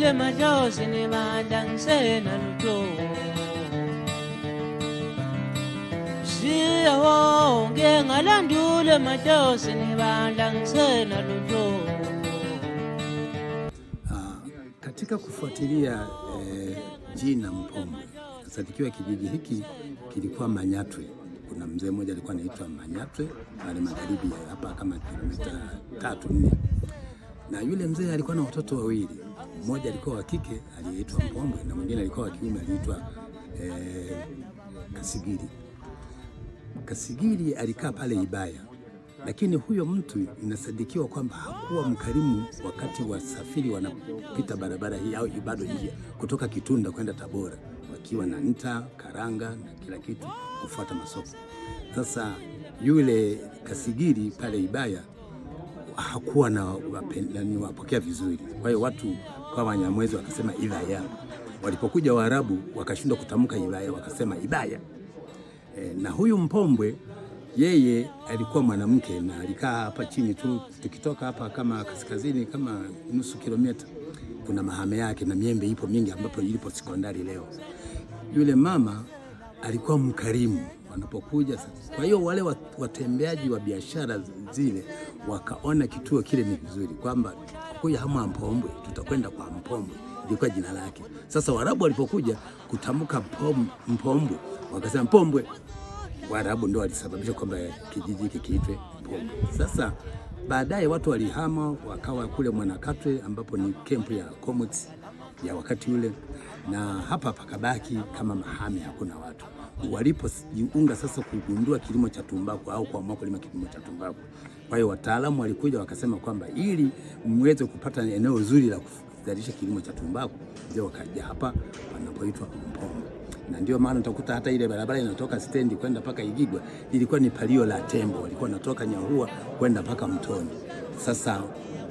le major cinéma danser na luto Si nge ngalandu le major cinéma na luto ah, katika kufuatilia eh, jina Mpombo nasadikiwa kijiji hiki kilikuwa Manyatwe. Kuna mzee mmoja alikuwa anaitwa Manyatwe pale magharibi hapa kama kilomita tatu nne, na yule mzee alikuwa na watoto wawili mmoja alikuwa wa kike aliyeitwa Mpombwe na mwingine alikuwa wa kiume aliitwa eh, Kasigiri. Kasigiri alikaa pale Ibaya, lakini huyo mtu inasadikiwa kwamba hakuwa mkarimu wakati wasafiri wanapita barabara hii au bado njia kutoka Kitunda kwenda Tabora, wakiwa na nta, karanga na kila kitu kufuata masoko. Sasa yule Kasigiri pale Ibaya hakuwa na wapokea vizuri. Kwa hiyo watu kwa Wanyamwezi wakasema idhaya, walipokuja Waarabu wakashindwa kutamka idhaya, wakasema idhaya. E, na huyu Mpombwe yeye alikuwa mwanamke na alikaa hapa chini tu, tukitoka hapa kama kaskazini kama nusu kilomita kuna mahame yake na miembe ipo mingi, ambapo ilipo sekondari leo. Yule mama alikuwa mkarimu wanapokuja. Kwa hiyo wale watembeaji wa biashara zile wakaona kituo kile ni kizuri, kwamba kuja hama Mpombwe, tutakwenda kwa Mpombwe, ilikuwa jina lake. Sasa warabu walipokuja kutamka Mpombwe, wakasema Mpombwe. warabu ndio walisababisha kwamba kijiji hiki kiitwe Mpombwe. Sasa baadaye watu walihama wakawa kule Mwanakatwe, ambapo ni kempu ya Comets ya wakati ule, na hapa pakabaki kama mahame, hakuna watu walipojiunga sasa kugundua kilimo cha tumbaku au kuamua kulima kilimo cha tumbaku. Kwa hiyo wataalamu walikuja wakasema kwamba ili mweze kupata eneo zuri la kuzalisha kilimo cha tumbaku, ndio wakaja hapa panapoitwa Mpombo, na ndio maana utakuta hata ile barabara inatoka stendi kwenda mpaka Igigwa ilikuwa ni palio la tembo, walikuwa wanatoka Nyahua kwenda mpaka Mtoni. Sasa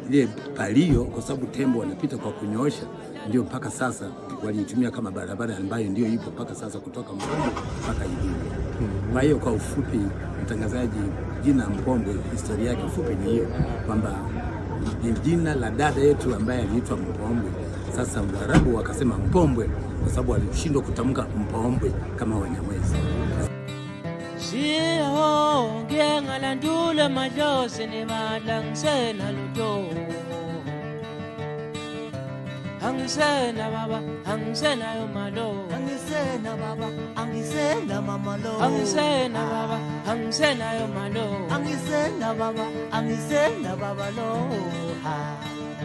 ile palio, kwa sababu tembo wanapita kwa kunyoosha, ndio mpaka sasa waliitumia kama barabara ambayo ndio ipo mpaka sasa kutoka Mpombwe mpaka Idigo. Kwa hiyo kwa ufupi, mtangazaji, jina Mpombwe historia yake fupi ni hiyo kwamba ni jina la dada yetu ambaye aliitwa Mpombwe. Sasa Waarabu wakasema Mpombwe kwa sababu walishindwa kutamka Mpombwe kama Wanyamwezi. siho ngiyangalandula amadlozi nemandla ngisenalutho angisena baba angisenayo malo angisena baba angisena mama lo angisena baba angisenayo malo angisena baba angisena baba lo ha